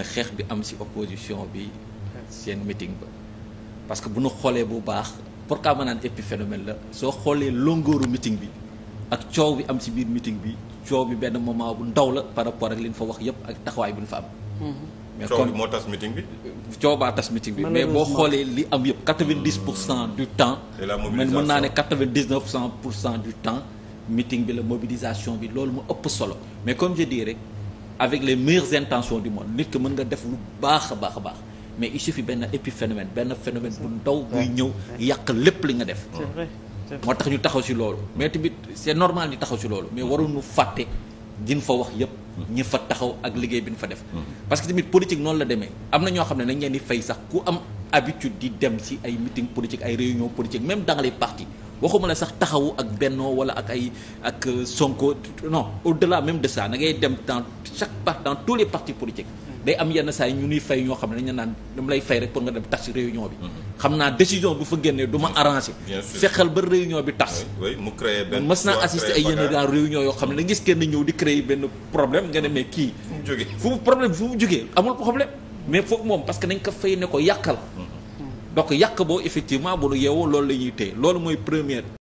mooy xeex bi am ci opposition bi seen meeting ba parce que bu nu xoolee bu baax pourquoi ma naan épiphénomène la soo xoolee longooru meeting bi ak coow bi am ci biir meeting bi coow bi benn moment bu ndaw la par rapport ak li ñu fa wax yëpp ak taxawaay bi ñu fa am. mais comme coow moo tas meeting bi. coow baa tas meeting bi mais boo xoolee li am yëpp quatre-vingt-dix pour cent du temps. man mën naa ne quatre-vingt-dix-neuf pour cent du temps meeting bi la mobilisation bi loolu mu ëpp solo mais comme je dis rek. avec les meilleures intentions du monde nit ki mën nga def lu baax a baax a baax mais il suffit benn épiphénomène benn phénomène bu ndaw buy ñëw yàq lépp li nga def moo tax ñu taxaw si loolu mais tamit c'est normal ñu taxaw si loolu mais waruñu fàtte din fa wax yëpp ñi fa taxaw ak liggéey bi nu fa def parce que tamit politique noonu la demee am na ñoo xam ne nañ leen di fay sax ku am habitude di dem ci ay meeting politique ay réunion politique même dans les waxuma la sax taxawu ak Benno wala ak ay ak euh, Sonko non au delà même de ça da ngay dem dans chaque part dans tous les partis politiques day am yenn saa yi ñu nuy fay ñoo xam ne ñu naan dama lay fay rek pour nga dem tas réunion bi. Mm-hmm. xam naa décision bu fa génnee du ma arrangé. fexal ba réunion bi tas. oui mu créé benn mës naa assister ay yenn réunion yoo xam ne nga gis kenn ñëw di créer benn problème nga ne mais kii. fu mu jógee fu mu problème fu mu jógee amul problème mais foofu moom parce que nañ ko fay ne ko yàqal. donc yàq boobu effectivement bu nu yeewoo loolu la ñuy téye loolu mooy première